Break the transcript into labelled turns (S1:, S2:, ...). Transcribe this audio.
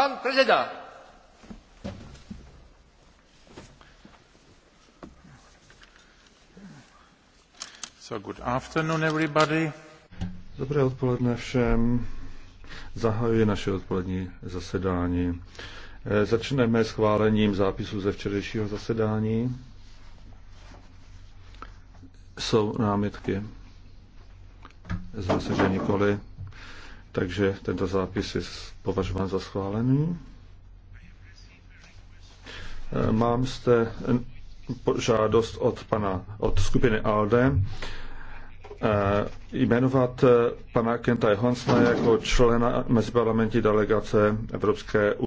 S1: Pan prezida.
S2: So
S3: good afternoon everybody.
S4: Dobré odpoledne všem. Zahajuji naše odpolední zasedání. Eh, začneme schválením zápisu ze včerejšího zasedání. Jsou námitky? Zase, že nikoli. Takže tento zápis je považován za schválený. E, mám zde žádost od, pana, od skupiny ALDE e, jmenovat e, pana Kenta Johansna jako člena
S5: meziparlamentní delegace Evropské